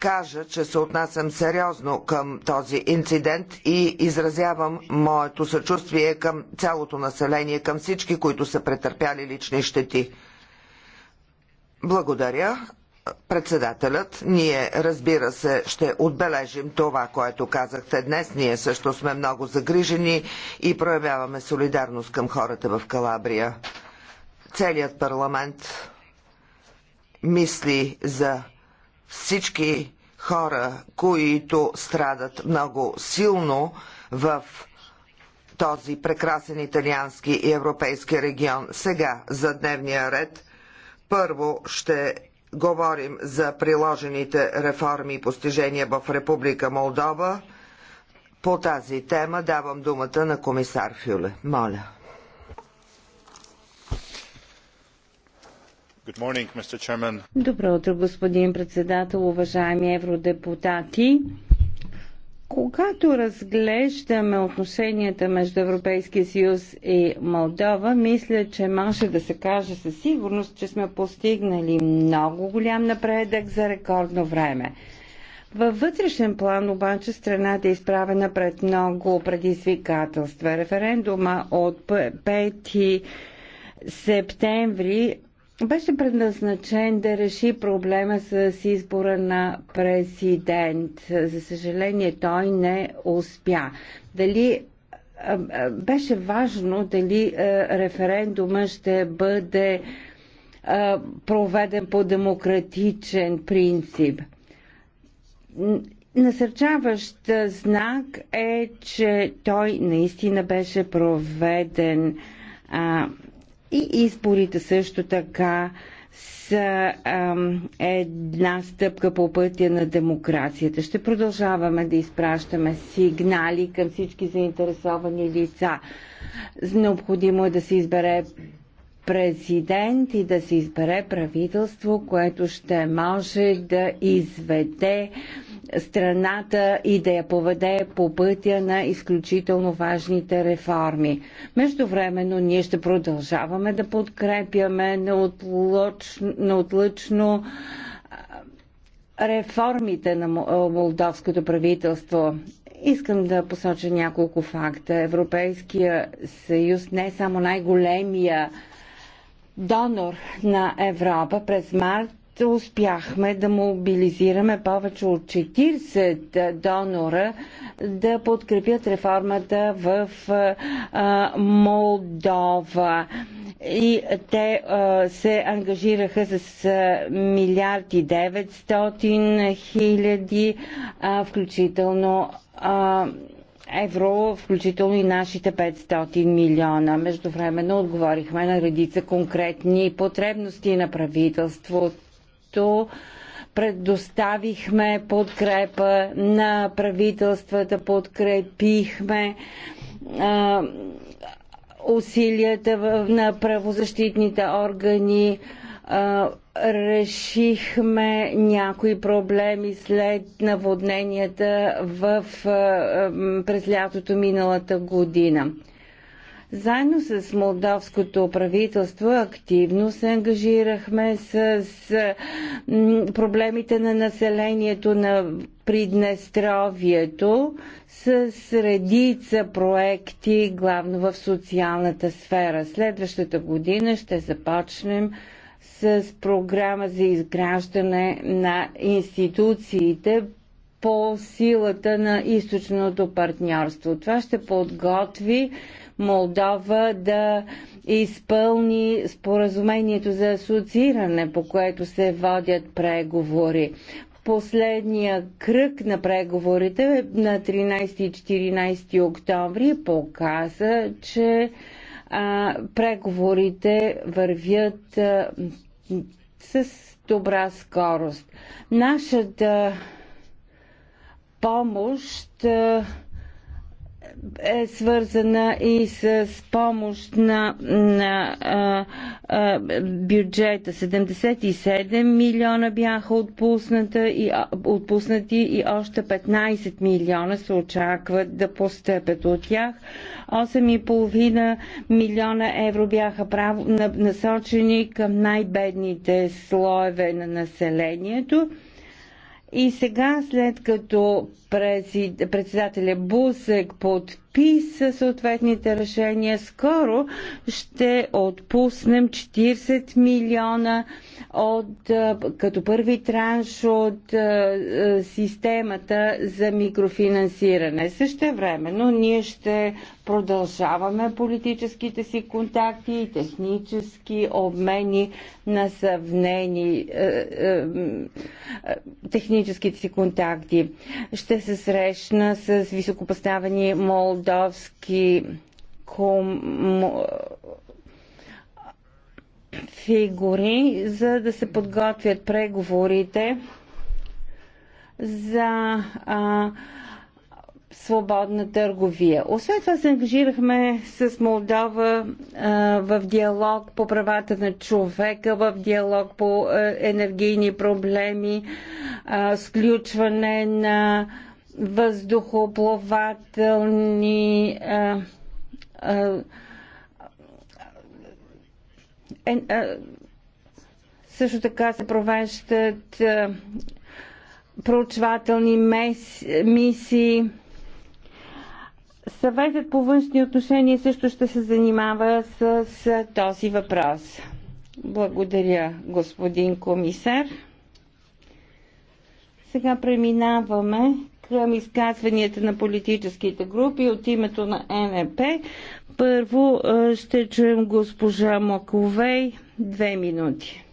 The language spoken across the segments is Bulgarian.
кажа, че се отнасям сериозно към този инцидент и изразявам моето съчувствие към цялото население, към всички, които са претърпяли лични щети. Благодаря. Председателят, ние разбира се ще отбележим това, което казахте днес. Ние също сме много загрижени и проявяваме солидарност към хората в Калабрия. Целият парламент мисли за всички хора, които страдат много силно в този прекрасен италиански и европейски регион. Сега за дневния ред първо ще говорим за приложените реформи и постижения в Република Молдова. По тази тема давам думата на комисар Фюле. Моля. Добро утро, господин председател, уважаеми евродепутати. Когато разглеждаме отношенията между Европейския съюз и Молдова, мисля, че може да се каже със сигурност, че сме постигнали много голям напредък за рекордно време. Във вътрешен план обаче страната е изправена пред много предизвикателства. Референдума от 5 септември беше предназначен да реши проблема с избора на президент. За съжаление, той не успя. Дали беше важно дали референдума ще бъде проведен по демократичен принцип. Насърчаващ знак е, че той наистина беше проведен и изборите също така са ам, една стъпка по пътя на демокрацията. Ще продължаваме да изпращаме сигнали към всички заинтересовани лица. Необходимо е да се избере президент и да се избере правителство, което ще може да изведе страната и да я поведе по пътя на изключително важните реформи. Междувременно ние ще продължаваме да подкрепяме неотлъчно, неотлъчно реформите на молдовското правителство. Искам да посоча няколко факта. Европейския съюз не е само най-големия донор на Европа през март успяхме да мобилизираме повече от 40 донора да подкрепят реформата в а, Молдова. И те а, се ангажираха с милиарди 900 хиляди, включително а, евро, включително и нашите 500 милиона. времено отговорихме на редица конкретни потребности на правителството. Предоставихме подкрепа на правителствата, подкрепихме а, усилията на правозащитните органи. А, решихме някои проблеми след наводненията в, през лятото миналата година. Заедно с молдавското правителство активно се ангажирахме с проблемите на населението на Приднестровието с редица проекти, главно в социалната сфера. Следващата година ще започнем с програма за изграждане на институциите по силата на източното партньорство. Това ще подготви Молдова да изпълни споразумението за асоцииране, по което се водят преговори. Последния кръг на преговорите е на 13 и 14 октомври показа, че а, преговорите вървят а, с добра скорост. Нашата помощ е свързана и с помощ на, на а, а, бюджета. 77 милиона бяха отпусната и, отпуснати и още 15 милиона се очакват да постъпят от тях. 8,5 милиона евро бяха право, насочени към най-бедните слоеве на населението. И сега, след като председателя Бусек под подписа съответните решения. Скоро ще отпуснем 40 милиона от, като първи транш от системата за микрофинансиране. Също времено ние ще продължаваме политическите си контакти и технически обмени на съвнени техническите си контакти. Ще се срещна с високопоставени молд мордовски ком... фигури, за да се подготвят преговорите за а, свободна търговия. Освен това се ангажирахме с Молдова а, в диалог по правата на човека, в диалог по а, енергийни проблеми, а, сключване на а, въздухоплавателни е, също така се провеждат а, проучвателни мес, мисии. Съветът по външни отношения също ще се занимава с, с този въпрос. Благодаря, господин комисар. Сега преминаваме към изказванията на политическите групи от името на НП. Първо ще чуем госпожа Маковей. Две минути.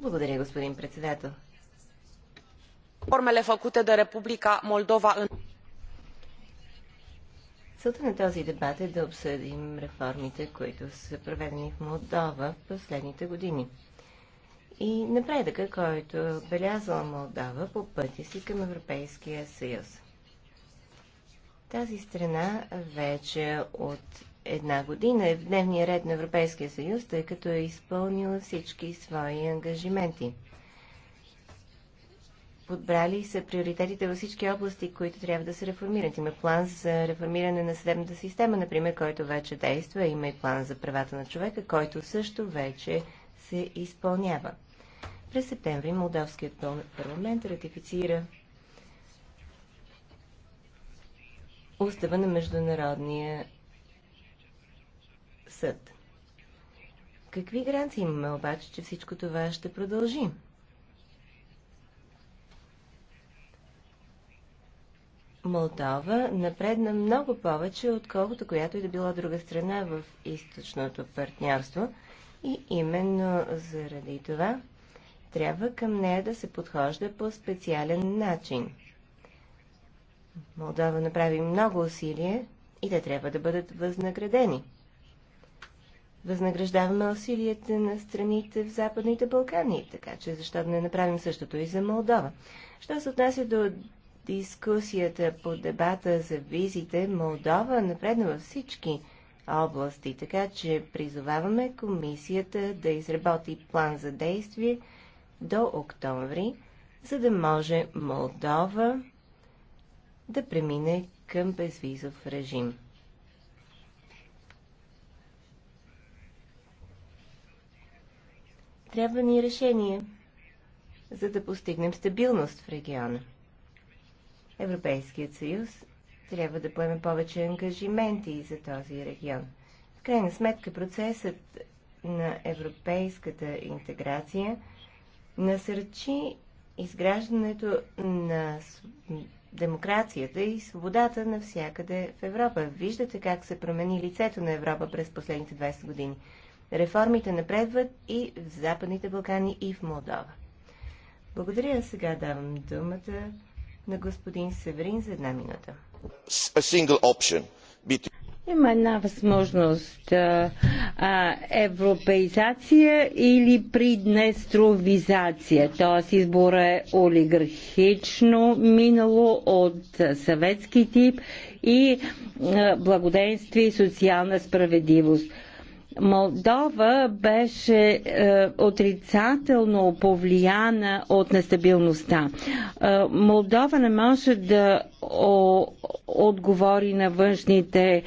Благодаря, господин председател. Реформele făcute de Република Молдова în Целта на този дебат е да обсъдим реформите, които са проведени в Молдова в последните години и напредъка, който е отбелязала Молдова по пътя си към Европейския съюз. Тази страна вече от една година е в дневния ред на Европейския съюз, тъй като е изпълнила всички свои ангажименти. Подбрали са приоритетите във всички области, които трябва да се реформират. Има план за реформиране на съдебната система, например, който вече действа. Има и план за правата на човека, който също вече се изпълнява. През септември Молдавският парламент ратифицира устава на Международния съд. Какви гаранции имаме обаче, че всичко това ще продължи? Молдова напредна много повече, отколкото която и да била друга страна в източното партньорство. И именно заради това трябва към нея да се подхожда по специален начин. Молдова направи много усилия и те трябва да бъдат възнаградени. Възнаграждаваме усилията на страните в Западните Балкани, така че защо да не направим същото и за Молдова. Що се отнася до дискусията по дебата за визите, Молдова напредна във всички области, така че призоваваме комисията да изработи план за действие – до октомври, за да може Молдова да премине към безвизов режим. Трябва ни решение, за да постигнем стабилност в региона. Европейският съюз трябва да поеме повече ангажименти за този регион. В крайна сметка процесът на европейската интеграция – насърчи изграждането на демокрацията и свободата навсякъде в Европа. Виждате как се промени лицето на Европа през последните 20 години. Реформите напредват и в Западните Балкани, и в Молдова. Благодаря. Сега давам думата на господин Северин за една минута. Има една възможност а, европеизация или приднестровизация, т.е. избора е олигархично минало от съветски тип и а, благоденствие и социална справедливост. Молдова беше е, отрицателно повлияна от нестабилността. Е, Молдова не може да о, отговори на външните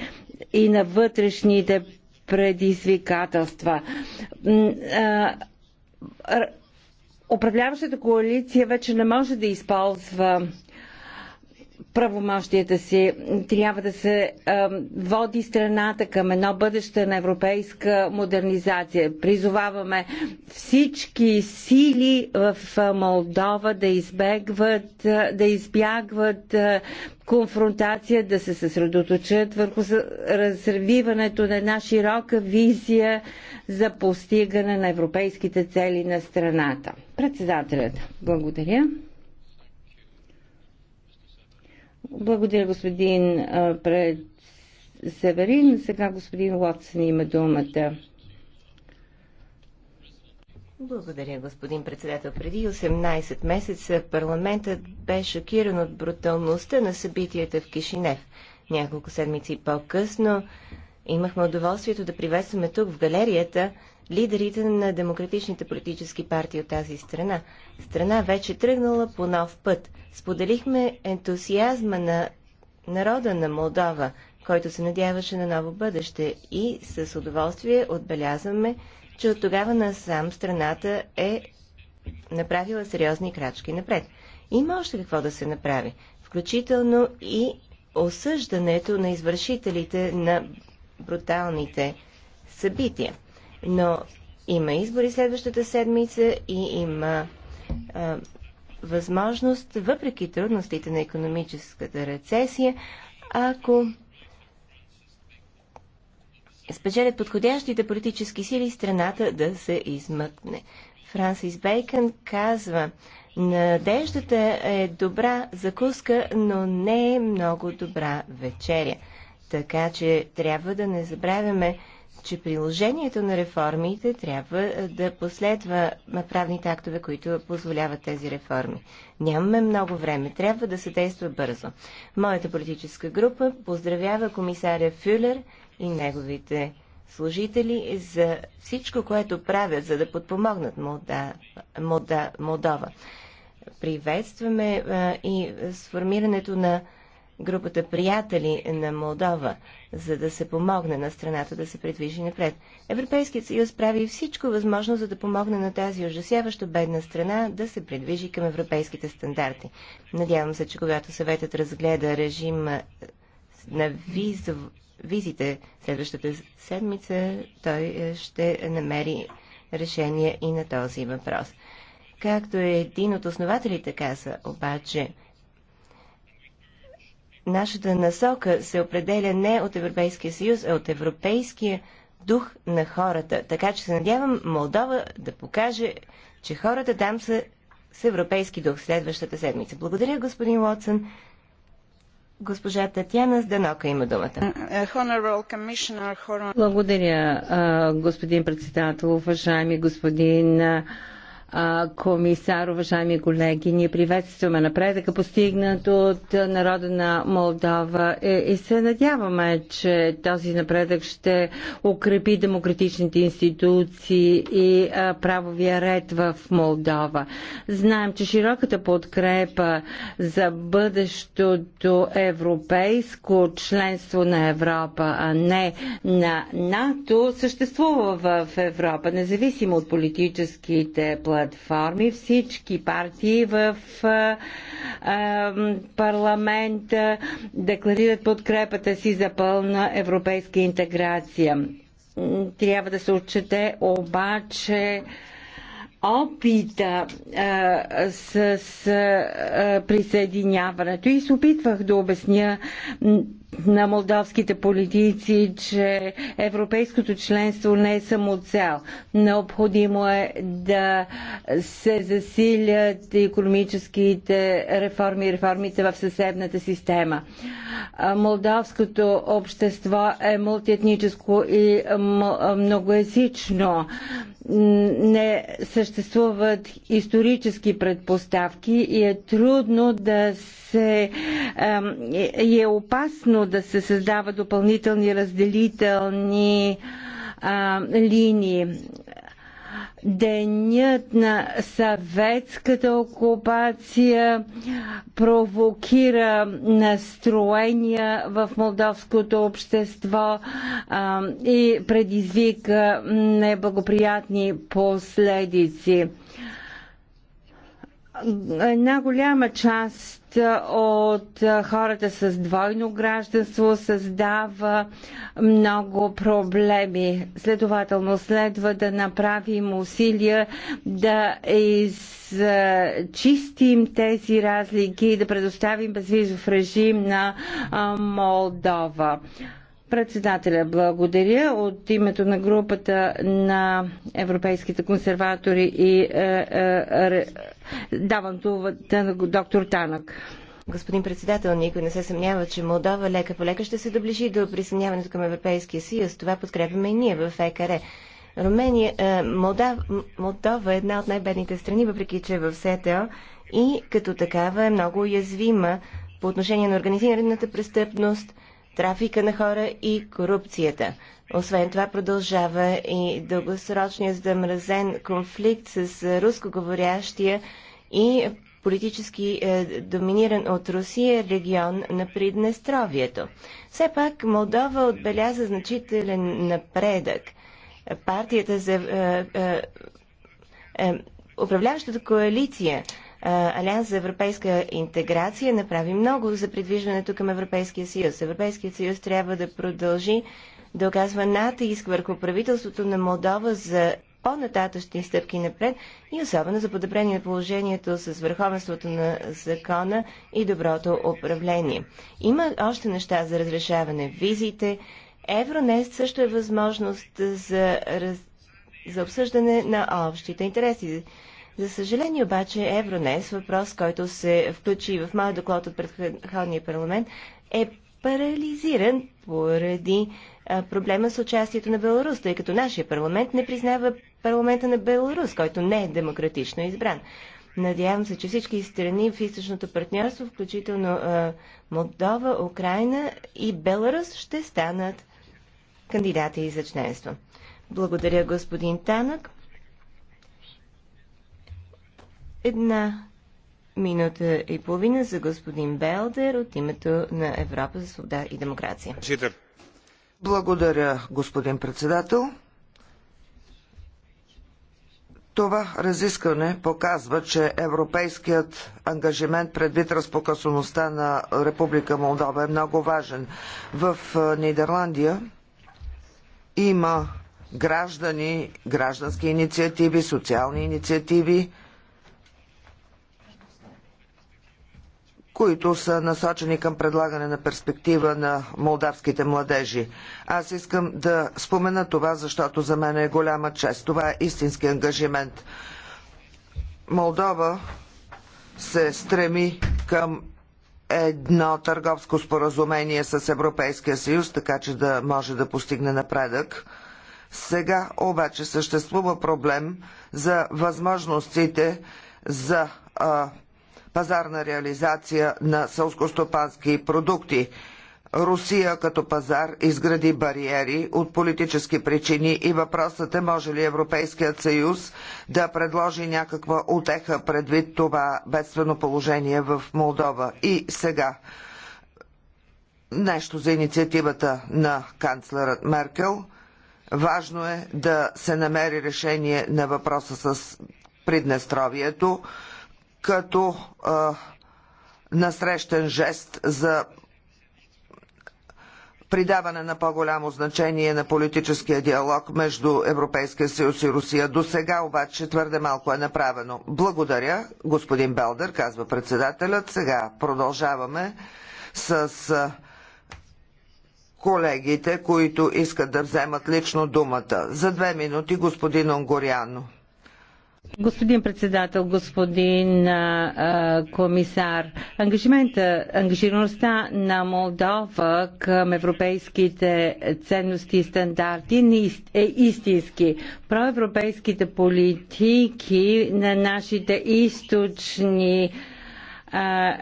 и на вътрешните предизвикателства. Управляващата коалиция вече не може да използва правомощията си. Трябва да се а, води страната към едно бъдеще на европейска модернизация. Призоваваме всички сили в Молдова да избегват, да избягват конфронтация, да се съсредоточат върху развиването на една широка визия за постигане на европейските цели на страната. Председателят, благодаря. Благодаря, господин пред Северин. Сега господин Лотсън има думата. Благодаря, господин председател. Преди 18 месеца парламентът бе шокиран от бруталността на събитията в Кишинев. Няколко седмици по-късно имахме удоволствието да приветстваме тук в галерията лидерите на демократичните политически партии от тази страна. Страна вече тръгнала по нов път. Споделихме ентусиазма на народа на Молдова, който се надяваше на ново бъдеще и с удоволствие отбелязваме, че от тогава насам страната е направила сериозни крачки напред. Има още какво да се направи, включително и осъждането на извършителите на бруталните събития. Но има избори следващата седмица и има а, възможност, въпреки трудностите на економическата рецесия, ако спечелят подходящите политически сили, страната да се измъкне. Франсис Бейкън казва, надеждата е добра закуска, но не е много добра вечеря. Така че трябва да не забравяме, че приложението на реформите трябва е, да последва правните актове, които позволяват тези реформи. Нямаме много време, трябва да се действа бързо. Моята политическа група поздравява комисаря Фюлер и неговите служители за всичко, което правят, за да подпомогнат Молда, Молда, Молдова. Приветстваме а, е, и сформирането на групата приятели на Молдова за да се помогне на страната да се придвижи напред. Европейският съюз прави всичко възможно, за да помогне на тази ужасяващо бедна страна да се придвижи към европейските стандарти. Надявам се, че когато съветът разгледа режим на виз... визите следващата седмица, той ще намери решение и на този въпрос. Както един от основателите каза, обаче, Нашата насока се определя не от Европейския съюз, а от европейския дух на хората. Така че се надявам Молдова да покаже, че хората там са с европейски дух следващата седмица. Благодаря, господин Лотсън. Госпожа Татьяна Зданока има думата. Благодаря, господин председател, уважаеми господин комисар, уважаеми колеги. Ние приветстваме напредъка, постигнат от народа на Молдова е, и се надяваме, че този напредък ще укрепи демократичните институции и правовия ред в Молдова. Знаем, че широката подкрепа за бъдещото европейско членство на Европа, а не на НАТО, съществува в Европа, независимо от политическите плани платформи, всички партии в парламента декларират подкрепата си за пълна европейска интеграция. Трябва да се отчете обаче опита а, с а, присъединяването и се опитвах да обясня на молдавските политици, че европейското членство не е само цел. Необходимо е да се засилят економическите реформи и реформите в съседната система. Молдавското общество е мултиетническо и многоязично. Не съществуват исторически предпоставки и е трудно да се се е, е опасно да се създават допълнителни разделителни линии. Денят на съветската окупация провокира настроения в молдовското общество а, и предизвика неблагоприятни последици една голяма част от хората с двойно гражданство създава много проблеми. Следователно следва да направим усилия да изчистим тези разлики и да предоставим безвизов режим на Молдова. Председателя, благодаря. От името на групата на европейските консерватори и е, е, е, давам това на доктор Танък. Господин председател, никой не се съмнява, че Молдова лека по лека ще се доближи до присъединяването към Европейския съюз. Това подкрепяме и ние в ЕКР. Румения, е, Молдав, Молдова е една от най-бедните страни, въпреки че е в СТО и като такава е много уязвима по отношение на организираната престъпност, трафика на хора и корупцията. Освен това продължава и дългосрочният замразен конфликт с рускоговорящия и политически е, доминиран от Русия регион на Приднестровието. Все пак Молдова отбеляза значителен напредък. Партията за е, е, е управляващата коалиция Алианс за европейска интеграция направи много за придвижването към Европейския съюз. Европейският съюз трябва да продължи да оказва натиск върху правителството на Молдова за по-нататъчни стъпки напред и особено за подобрение на положението с върховенството на закона и доброто управление. Има още неща за разрешаване. Визите. Евронест също е възможност за, раз... за обсъждане на общите интереси. За съжаление обаче Евронес, въпрос, който се включи в моят доклад от предходния парламент, е парализиран поради проблема с участието на Беларус, тъй като нашия парламент не признава парламента на Беларус, който не е демократично избран. Надявам се, че всички страни в източното партньорство, включително Молдова, Украина и Беларус, ще станат кандидати за членство. Благодаря, господин Танък. Една минута и половина за господин Белдер от името на Европа за свобода и демокрация. Благодаря, господин председател. Това разискване показва, че европейският ангажимент предвид разпокъсаността на Република Молдова е много важен. В Нидерландия има граждани, граждански инициативи, социални инициативи, които са насочени към предлагане на перспектива на молдавските младежи. Аз искам да спомена това, защото за мен е голяма чест. Това е истински ангажимент. Молдова се стреми към едно търговско споразумение с Европейския съюз, така че да може да постигне напредък. Сега обаче съществува проблем за възможностите за а, пазарна реализация на сълскостопански продукти. Русия като пазар изгради бариери от политически причини и въпросът е може ли Европейският съюз да предложи някаква отеха предвид това бедствено положение в Молдова. И сега нещо за инициативата на канцлерът Меркел. Важно е да се намери решение на въпроса с Приднестровието като а, насрещен жест за придаване на по-голямо значение на политическия диалог между Европейския съюз и Русия. До сега обаче твърде малко е направено. Благодаря, господин Белдер, казва председателят. Сега продължаваме с колегите, които искат да вземат лично думата. За две минути господин Онгоряно. Господин председател, господин а, комисар, ангажимента, ангажираността на Молдова към европейските ценности и стандарти е истински. Проевропейските политики на нашите източни а,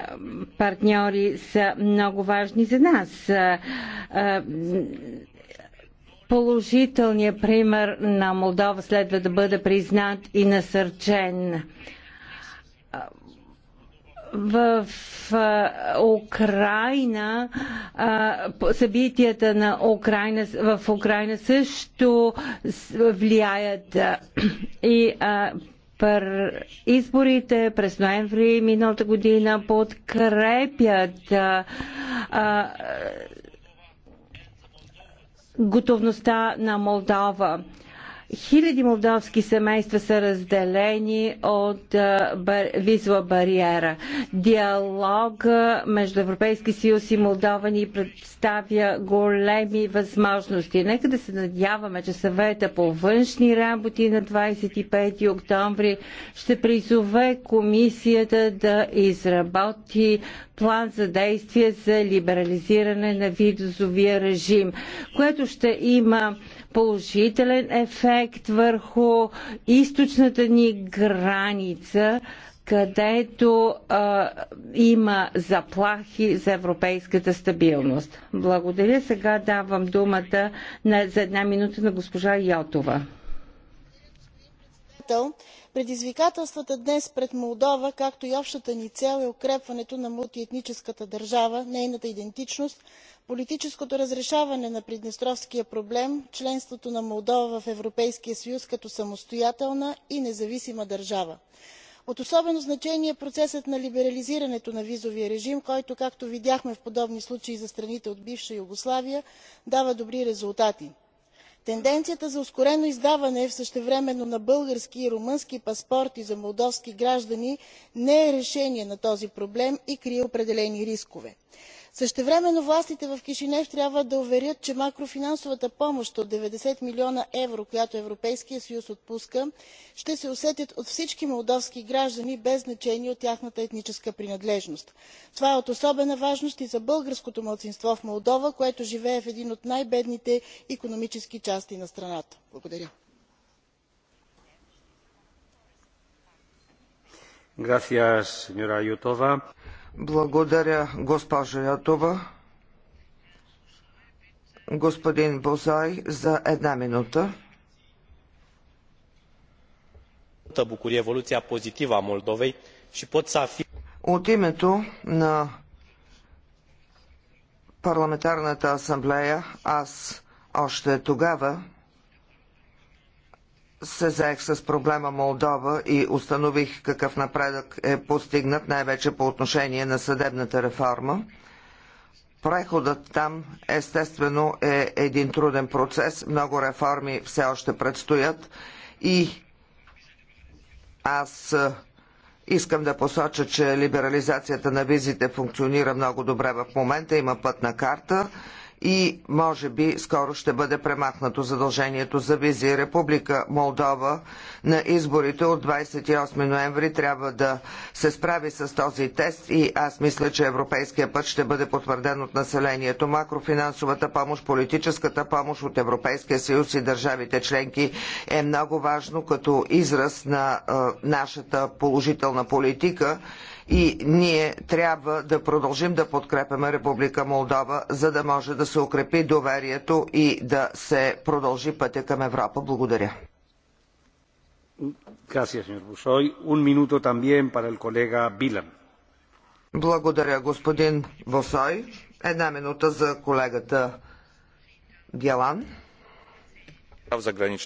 партньори са много важни за нас. А, Положителният пример на Молдова следва да бъде признат и насърчен. В Украина събитията на Украина в Украина също влияят и пър изборите през ноември миналата година подкрепят а, а, готовността на Молдова. Хиляди молдовски семейства са разделени от бар... визова бариера. Диалог между Европейски съюз и Молдова ни представя големи възможности. Нека да се надяваме, че съвета по външни работи на 25 октомври ще призове комисията да изработи план за действие за либерализиране на визовия режим, което ще има положителен ефект върху източната ни граница, където а, има заплахи за европейската стабилност. Благодаря. Сега давам думата на, за една минута на госпожа Йотова. Предизвикателствата днес пред Молдова, както и общата ни цел е укрепването на мултиетническата държава, нейната идентичност, политическото разрешаване на приднестровския проблем членството на молдова в европейския съюз като самостоятелна и независима държава. от особено значение е процесът на либерализирането на визовия режим който както видяхме в подобни случаи за страните от бивша югославия дава добри резултати. тенденцията за ускорено издаване същевременно на български и румънски паспорти за молдовски граждани не е решение на този проблем и крие определени рискове същевременно властите в кишинев трябва да уверят че макрофинансовата помощ от деветдесет милиона евро която европейският съюз отпуска ще се усети от всички молдовски граждани без значение от тяхната етническа принадлежност. това е от особена важност и за българското малцинство в молдова което живее в един от най бедните икономически части на страната. благодаря. Благодаря, госпожо Ятова. Господин Бозай, за една минута. bucurie еволюция позитива a Moldovei și pot să afirm... От името на парламентарната асамблея аз още тогава се заех с проблема Молдова и установих какъв напредък е постигнат, най-вече по отношение на съдебната реформа. Преходът там, естествено, е един труден процес. Много реформи все още предстоят и аз Искам да посоча, че либерализацията на визите функционира много добре в момента, има пътна карта и може би скоро ще бъде премахнато задължението за визи. Република Молдова на изборите от 28 ноември трябва да се справи с този тест и аз мисля, че европейския път ще бъде потвърден от населението. Макрофинансовата помощ, политическата помощ от Европейския съюз и държавите членки е много важно като израз на нашата положителна политика и ние трябва да продължим да подкрепяме Република Молдова, за да може да се укрепи доверието и да се продължи пътя към Европа. Благодаря. Благодаря, господин Босой. Една минута за колегата Бялан.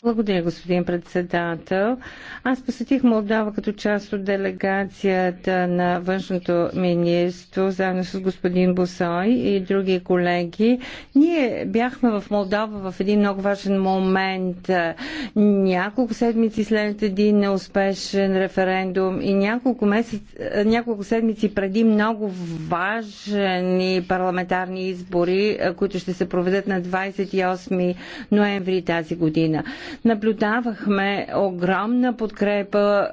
Благодаря, господин председател. Аз посетих Молдава като част от делегацията на външното министерство, заедно с господин Босой и други колеги. Ние бяхме в Молдава в един много важен момент. Няколко седмици след един неуспешен референдум и няколко, месец, няколко седмици преди много важни парламентарни избори, които ще се проведат на 28 ноември тази година година. Наблюдавахме огромна подкрепа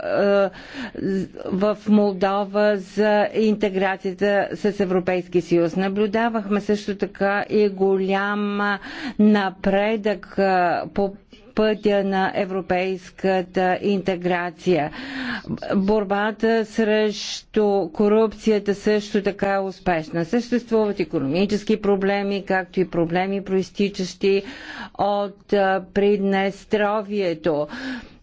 е, в Молдова за интеграцията с Европейския съюз. Наблюдавахме също така и голям напредък е, по пътя на европейската интеграция. Борбата срещу корупцията също така е успешна. Съществуват економически проблеми, както и проблеми, проистичащи от Приднестровието.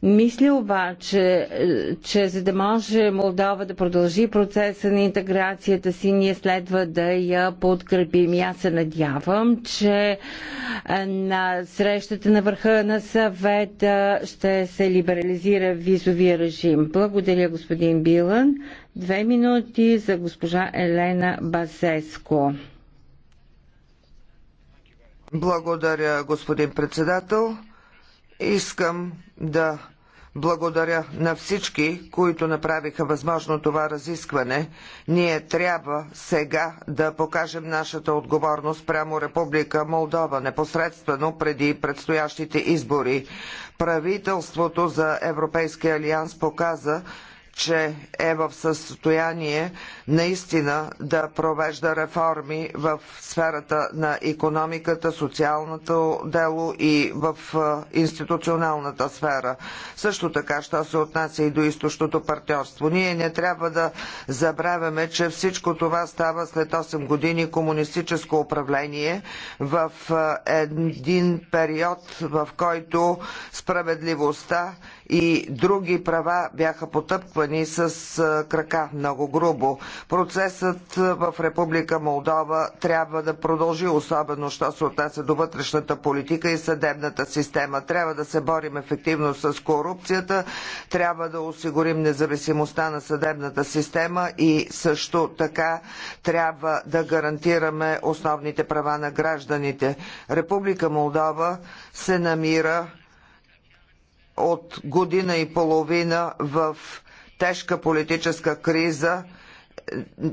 Мисля обаче, е, че за да може Молдова да продължи процеса на интеграцията си, ние следва да я подкрепим. И аз се надявам, че е, на срещата на върха на съвета ще се либерализира визовия режим. Благодаря, господин Билан. Две минути за госпожа Елена Басеско. Благодаря, господин председател. Искам да благодаря на всички, които направиха възможно това разискване. Ние трябва сега да покажем нашата отговорност прямо Република Молдова, непосредствено преди предстоящите избори. Правителството за Европейския алианс показа, че е в състояние наистина да провежда реформи в сферата на економиката, социалното дело и в институционалната сфера. Също така, що се отнася и до източното партньорство. Ние не трябва да забравяме, че всичко това става след 8 години комунистическо управление в един период, в който справедливостта и други права бяха потъпквани натрупани с крака много грубо. Процесът в Република Молдова трябва да продължи, особено що се отнася до вътрешната политика и съдебната система. Трябва да се борим ефективно с корупцията, трябва да осигурим независимостта на съдебната система и също така трябва да гарантираме основните права на гражданите. Република Молдова се намира от година и половина в тежка политическа криза.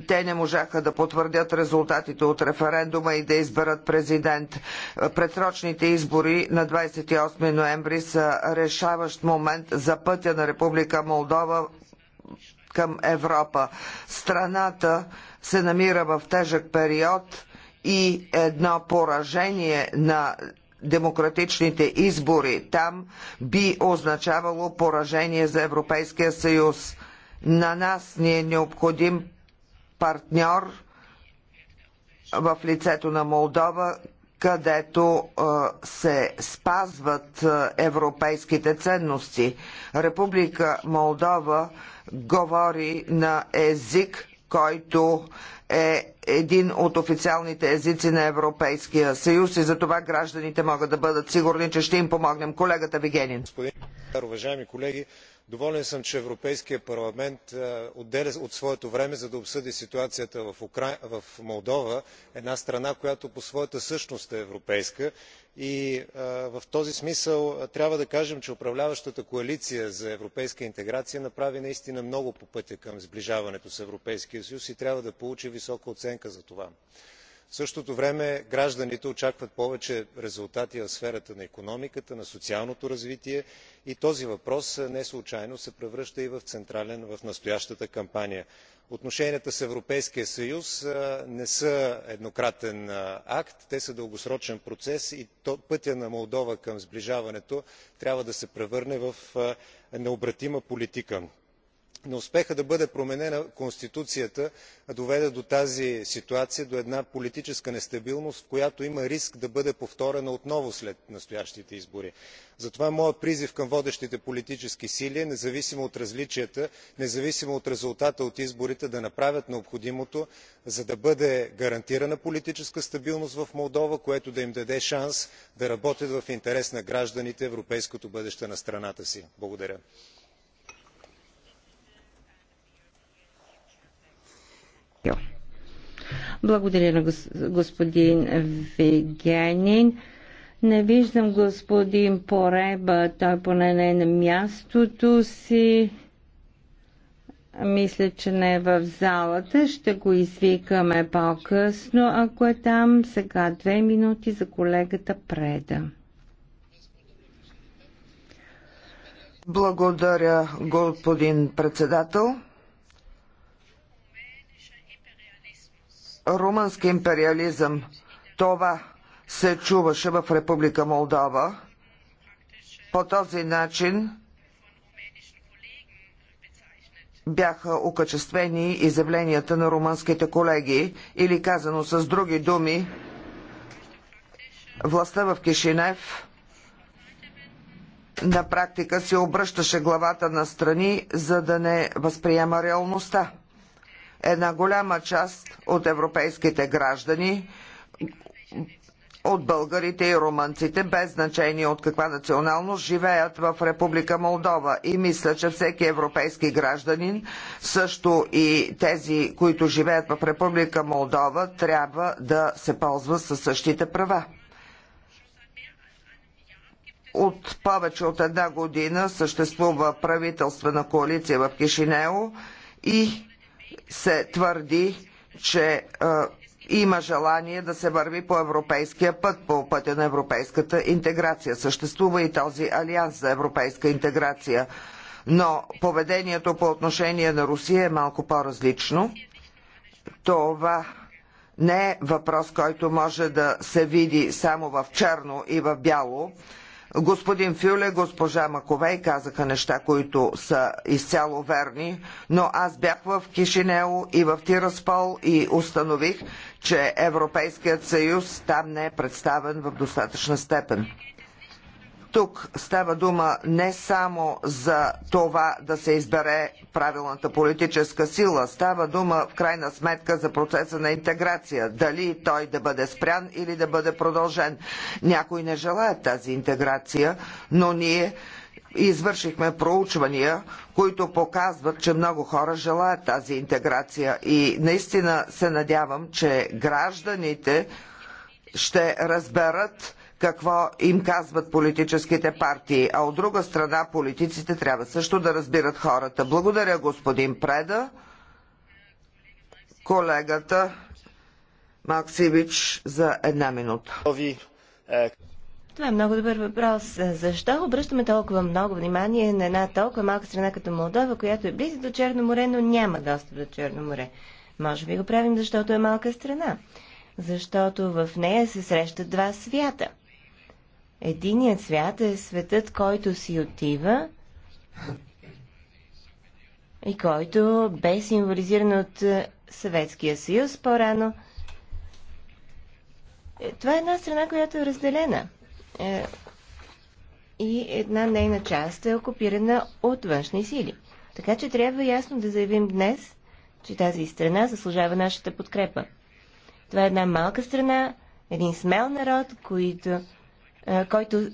Те не можаха да потвърдят резултатите от референдума и да изберат президент. Предсрочните избори на 28 ноември са решаващ момент за пътя на Република Молдова към Европа. Страната се намира в тежък период и едно поражение на демократичните избори там би означавало поражение за Европейския съюз. На нас ни е необходим партньор в лицето на Молдова, където се спазват европейските ценности. Република Молдова говори на език, който е един от официалните езици на Европейския съюз и затова гражданите могат да бъдат сигурни, че ще им помогнем. Колегата Вигенин. Господин уважаеми колеги, доволен съм, че Европейския парламент е, отделя от своето време, за да обсъди ситуацията в, Укра... в Молдова, една страна, която по своята същност е европейска и в този смисъл трябва да кажем че управляващата коалиция за европейска интеграция направи наистина много по пътя към сближаването с европейския съюз и трябва да получи висока оценка за това в същото време гражданите очакват повече резултати в сферата на икономиката на социалното развитие и този въпрос неслучайно се превръща и в централен в настоящата кампания. отношенията с европейския съюз не са еднократен акт те са дългосрочен процес и пътят на молдова към сближаването трябва да се превърне в необратима политика неуспехът да бъде променена конституцията доведе до тази ситуация до една политическа нестабилност която има риск да бъде повторена отново след настоящите избори. затова моят призив към водещите политически сили е независимо от различията независимо от резултата от изборите да направят необходимото за да бъде гарантирана политическа стабилност в молдова което да им даде шанс да работят в интерес на гражданите и европейското бъдеще на страната си. благодаря. Благодаря на господин Вегенин. Не виждам господин Пореба, той поне не е на мястото си. Мисля, че не е в залата. Ще го извикаме по-късно, ако е там. Сега две минути за колегата Преда. Благодаря, господин председател. румънски империализъм. Това се чуваше в Република Молдова. По този начин бяха окачествени изявленията на румънските колеги или казано с други думи, властта в Кишинев на практика се обръщаше главата на страни, за да не възприема реалността една голяма част от европейските граждани от българите и румънците, без значение от каква националност, живеят в Република Молдова. И мисля, че всеки европейски гражданин, също и тези, които живеят в Република Молдова, трябва да се ползва със същите права. От повече от една година съществува правителствена коалиция в Кишинео и се твърди, че има желание да се върви по европейския път, по пътя на европейската интеграция. Съществува и този Алианс за европейска интеграция. Но поведението по отношение на Русия е малко по-различно. Това не е въпрос, който може да се види само в черно и в бяло. Господин Фюле, госпожа Маковей казаха неща, които са изцяло верни, но аз бях в Кишинео и в Тираспол и установих, че Европейският съюз там не е представен в достатъчна степен. Тук става дума не само за това да се избере правилната политическа сила, става дума в крайна сметка за процеса на интеграция. Дали той да бъде спрян или да бъде продължен. Някои не желаят тази интеграция, но ние извършихме проучвания, които показват, че много хора желаят тази интеграция и наистина се надявам, че гражданите ще разберат, какво им казват политическите партии, а от друга страна политиците трябва също да разбират хората. Благодаря, господин Преда. Колегата Максивич за една минута. Това е много добър въпрос. Защо обръщаме толкова много внимание на една толкова малка страна като Молдова, която е близо до Черно море, но няма достъп до Черно море? Може би го правим, защото е малка страна. Защото в нея се срещат два свята. Единият свят е светът, който си отива и който бе символизиран от е, Съветския съюз по-рано. Е, това е една страна, която е разделена. Е, и една нейна част е окупирана от външни сили. Така че трябва ясно да заявим днес, че тази страна заслужава нашата подкрепа. Това е една малка страна, един смел народ, които който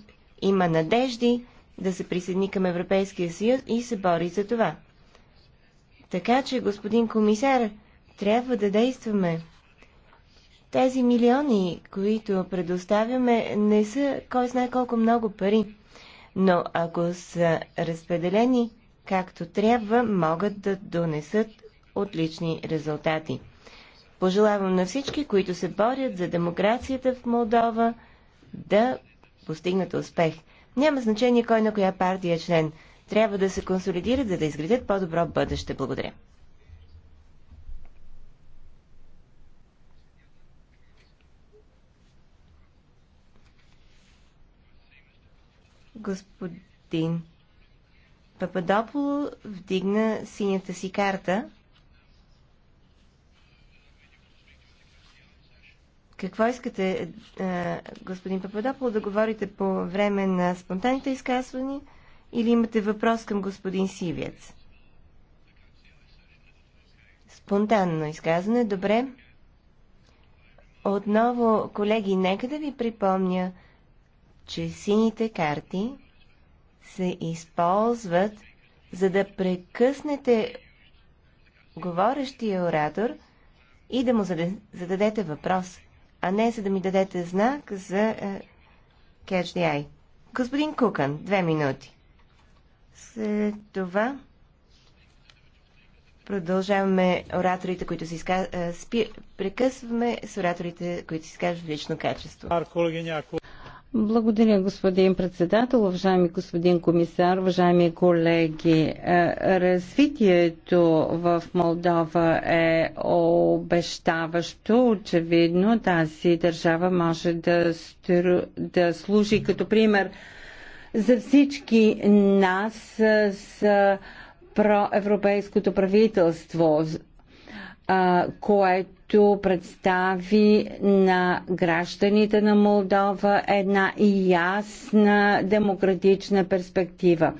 има надежди да се присъедини към Европейския съюз и се бори за това. Така че, господин комисар, трябва да действаме. Тези милиони, които предоставяме, не са кой знае колко много пари, но ако са разпределени както трябва, могат да донесат отлични резултати. Пожелавам на всички, които се борят за демокрацията в Молдова, да постигнат успех. Няма значение кой на коя партия е член. Трябва да се консолидират, за да изградят по-добро бъдеще. Благодаря. Господин Пападополо вдигна синята си карта. Какво искате, е, господин Пападопол, да говорите по време на спонтанните изказвания или имате въпрос към господин Сивец? Спонтанно изказване, добре. Отново, колеги, нека да ви припомня, че сините карти се използват за да прекъснете говорещия оратор и да му зададете въпрос – а не за да ми дадете знак за е, Catch the Eye. Господин Кукан, две минути. След това продължаваме ораторите, които се изказват. Е, прекъсваме с ораторите, които се изказват в лично качество. Благодаря, господин председател, уважаеми господин комисар, уважаеми колеги. Е, развитието в Молдова е обещаващо. Очевидно тази държава може да, стру... да служи като пример за всички нас с проевропейското правителство, което който представи на гражданите на Молдова една ясна демократична перспектива.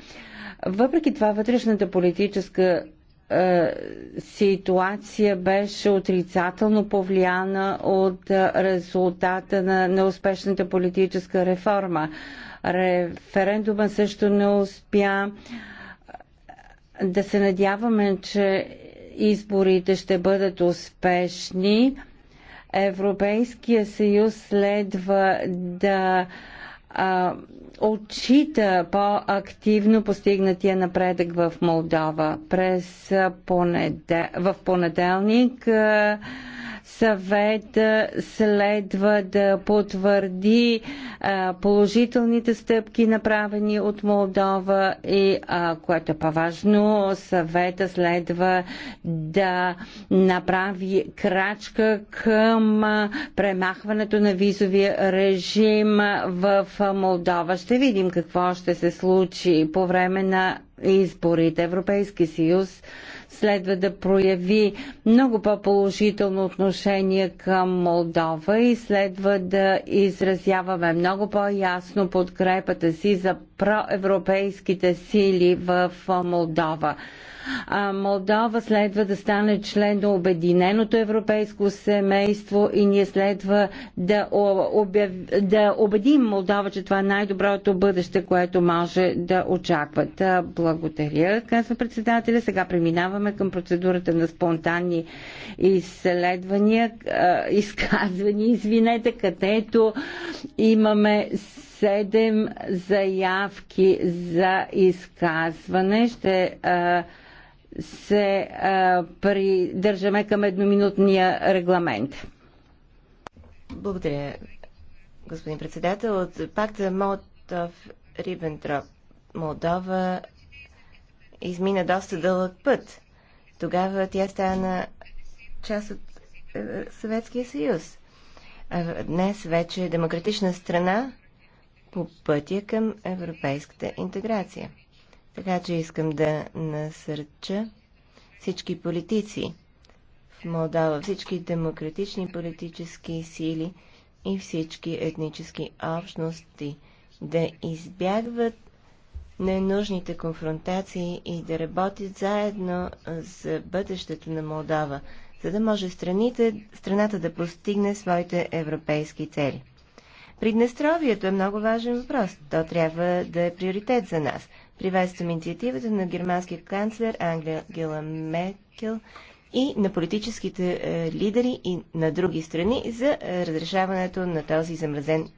Въпреки това, вътрешната политическа е, ситуация беше отрицателно повлияна от резултата на неуспешната политическа реформа. Референдума също не успя. Е, да се надяваме, че изборите ще бъдат успешни. Европейския съюз следва да а, отчита по-активно постигнатия напредък в Молдова. През понедел... в понеделник а, съвет следва да потвърди положителните стъпки, направени от Молдова и, което е по-важно, съвета следва да направи крачка към премахването на визовия режим в Молдова. Ще видим какво ще се случи по време на изборите. Европейски съюз следва да прояви много по-положително отношение към Молдова и следва да изразяваме много по-ясно подкрепата си за проевропейските сили в Молдова. Молдова следва да стане член на Обединеното европейско семейство и ние следва да, обяв... да убедим Молдова, че това е най-доброто бъдеще, което може да очакват. Благодаря, казва председателя. Сега преминаваме към процедурата на спонтанни изследвания, изказвания, извинете, където имаме седем заявки за изказване. Ще а, се а, придържаме към едноминутния регламент. Благодаря, господин председател. От пакта Молотов-Рибентроп Молдова измина доста дълъг път. Тогава тя стана част от е, Съветския съюз. А днес вече е демократична страна по пътя към европейската интеграция. Така че искам да насърча всички политици в Молдова, всички демократични политически сили и всички етнически общности да избягват ненужните конфронтации и да работят заедно за бъдещето на Молдова, за да може страните, страната да постигне своите европейски цели. Приднестровието е много важен въпрос. То трябва да е приоритет за нас. Приветствам инициативата на германския канцлер Ангела Меркел и на политическите е, лидери и на други страни за е, разрешаването на този замразен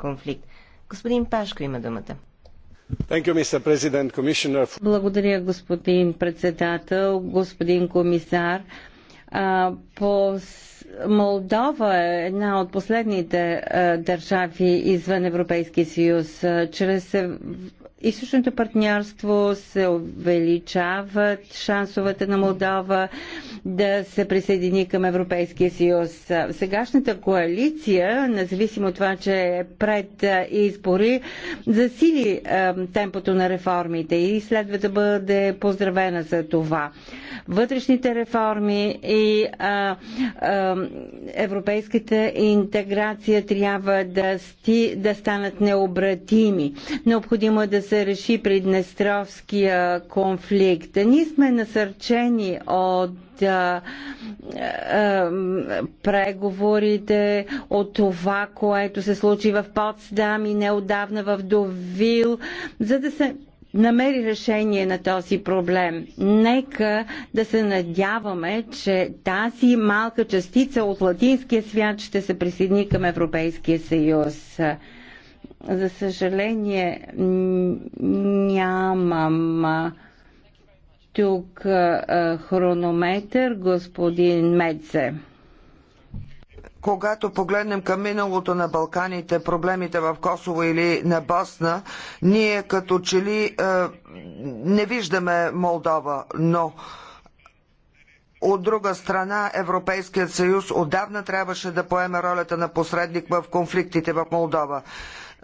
конфликт. Господин Пашко има думата. You, Благодаря, господин председател, господин комисар. По Молдова е една от последните е, държави извън Европейския съюз. Чрез източното партньорство се увеличават шансовете на Молдова да се присъедини към Европейския съюз. Сегашната коалиция, независимо от това, че е пред избори, засили е, темпото на реформите и следва да бъде поздравена за това. Вътрешните реформи и а, е, а, е, европейската интеграция трябва да, сти, да станат необратими. Необходимо е да се реши при Днестровския конфликт. Ние сме насърчени от а, а, преговорите, от това, което се случи в Потсдам и неодавна в Довил, за да се намери решение на този проблем. Нека да се надяваме, че тази малка частица от латинския свят ще се присъедини към Европейския съюз. За съжаление, нямам тук хронометър, господин Медзе. Когато погледнем към миналото на Балканите, проблемите в Косово или на Босна, ние като че ли не виждаме Молдова, но от друга страна, Европейският съюз отдавна трябваше да поеме ролята на посредник в конфликтите в Молдова.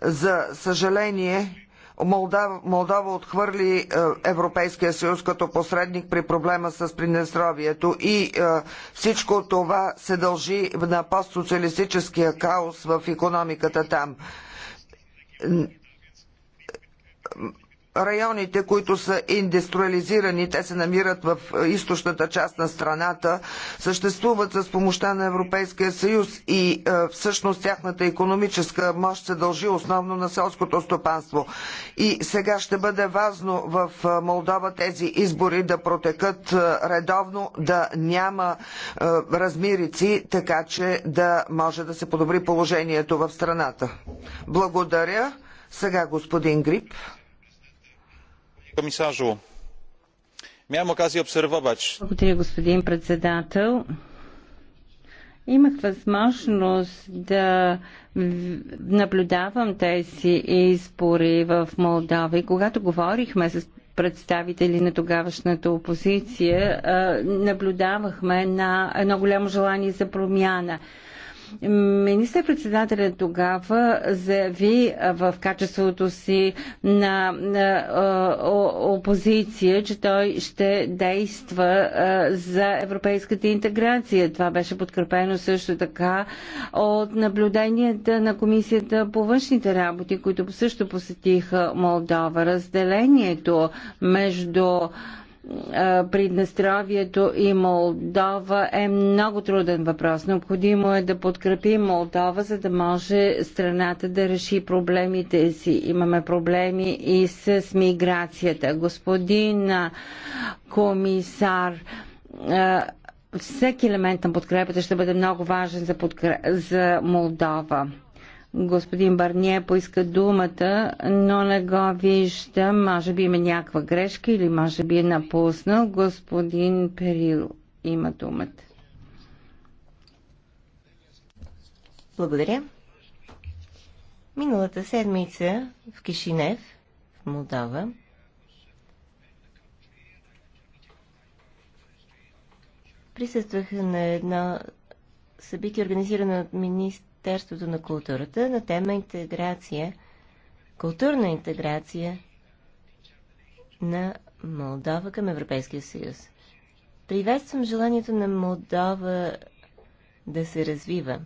За съжаление, Молдава, Молдова отхвърли е, Европейския съюз като посредник при проблема с Приднестровието и е, всичко това се дължи на постсоциалистическия хаос в економиката там районите, които са индустриализирани, те се намират в е, източната част на страната, съществуват с помощта на Европейския съюз и е, всъщност тяхната економическа мощ се дължи основно на селското стопанство. И сега ще бъде важно в е, Молдова тези избори да протекат редовно, да няма размирици, така че да може да се подобри положението в страната. Благодаря. Сега господин Грип. Miałem okazję obserwować. Благодаря, господин председател. Имах възможност да наблюдавам тези избори в Молдова и когато говорихме с представители на тогавашната опозиция, наблюдавахме на едно голямо желание за промяна. Министър-председателят тогава заяви в качеството си на опозиция, че той ще действа за европейската интеграция. Това беше подкрепено също така от наблюденията на Комисията по външните работи, които също посетиха Молдова. Разделението между Приднестровието и Молдова е много труден въпрос. Необходимо е да подкрепим Молдова, за да може страната да реши проблемите си. Имаме проблеми и с миграцията. Господин комисар, всеки елемент на подкрепата ще бъде много важен за, подкреп... за Молдова господин Барние поиска думата, но не го вижда. Може би има някаква грешка или може би е напуснал. Господин Перил има думата. Благодаря. Миналата седмица в Кишинев, в Молдова, присъствах на едно събитие, организирано от министр Министерството на културата на тема интеграция, културна интеграция на Молдова към Европейския съюз. Приветствам желанието на Молдова да се развива.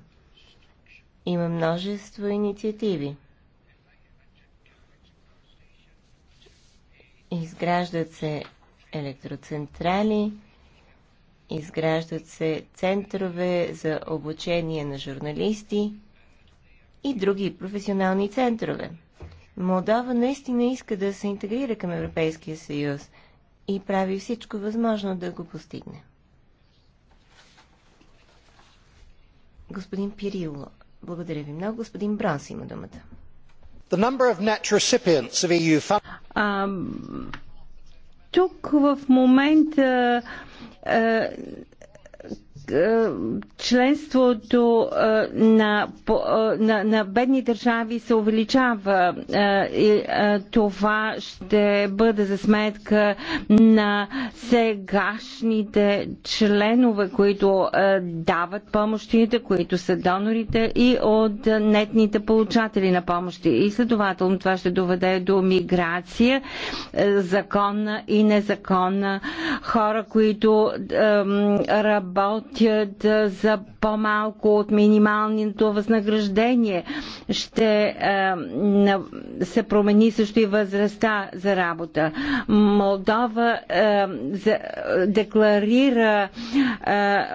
Има множество инициативи. Изграждат се електроцентрали, Изграждат се центрове за обучение на журналисти и други професионални центрове. Молдова наистина иска да се интегрира към Европейския съюз и прави всичко възможно да го постигне. Господин Пирило, благодаря ви много. Господин Бранс има думата. The number of net recipients of EU funds тук в момента е, е, членството е, на, е, на, на бедни държави се увеличава. И това ще бъде за сметка на сегашните членове, които дават помощите, които са донорите и от нетните получатели на помощи. И следователно това ще доведе до миграция, законна и незаконна. Хора, които работят работят за по-малко от минималното възнаграждение. Ще се промени също и възрастта за работа. Молдова декларира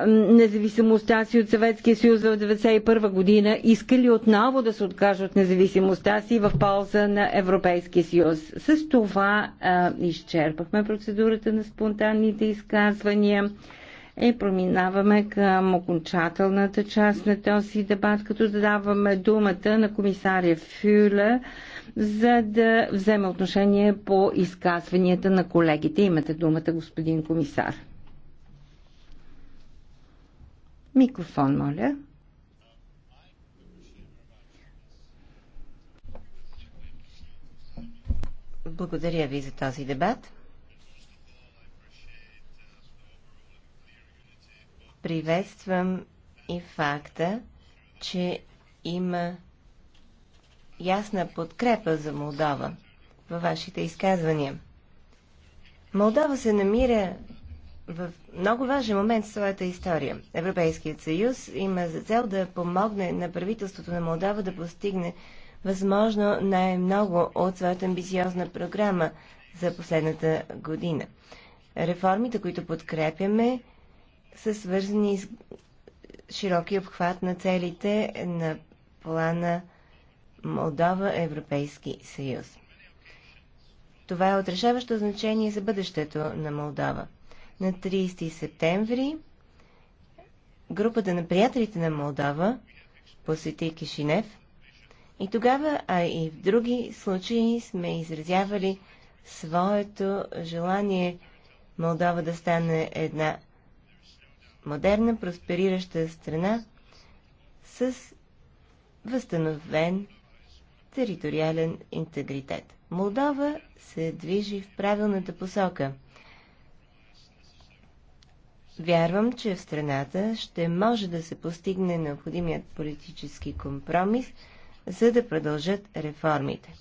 независимостта си от Съветския съюз в 1991 година. Иска ли отново да се откаже от независимостта си в полза на Европейския съюз? С това изчерпахме процедурата на спонтанните изказвания и проминаваме към окончателната част на този дебат, като да даваме думата на комисаря Фюле, за да вземе отношение по изказванията на колегите. Имате думата, господин комисар. Микрофон, моля. Благодаря ви за този дебат. Приветствам и факта, че има ясна подкрепа за Молдова във вашите изказвания. Молдова се намира в много важен момент в своята история. Европейският съюз има за цел да помогне на правителството на Молдова да постигне възможно най-много от своята амбициозна програма за последната година. Реформите, които подкрепяме, са свързани с широки обхват на целите на плана Молдова Европейски съюз. Това е отрешаващо значение за бъдещето на Молдова. На 30 септември групата на приятелите на Молдова посети Кишинев и тогава, а и в други случаи сме изразявали своето желание Молдова да стане една модерна, просперираща страна с възстановен териториален интегритет. Молдова се движи в правилната посока. Вярвам, че в страната ще може да се постигне необходимият политически компромис, за да продължат реформите.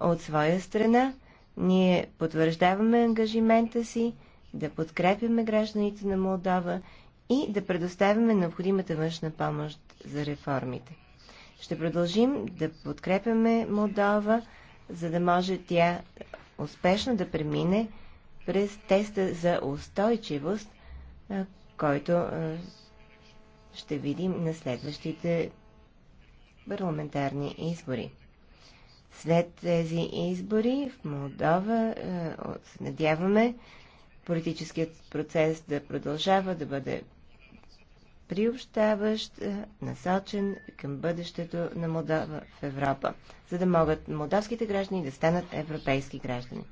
От своя страна, ние потвърждаваме ангажимента си да подкрепяме гражданите на Молдова и да предоставяме необходимата външна помощ за реформите. Ще продължим да подкрепяме Молдова, за да може тя успешно да премине през теста за устойчивост, който ще видим на следващите парламентарни избори. След тези избори в Молдова се надяваме политическият процес да продължава да бъде приобщаващ, е, насочен към бъдещето на Молдова в Европа, за да могат молдавските граждани да станат европейски граждани.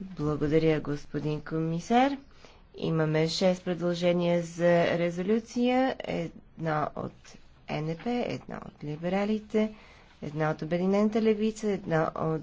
Благодаря, господин комисар. Имаме 6 предложения за резолюция. Едно от НП, едно от либералите, едно от Обединената левица, едно от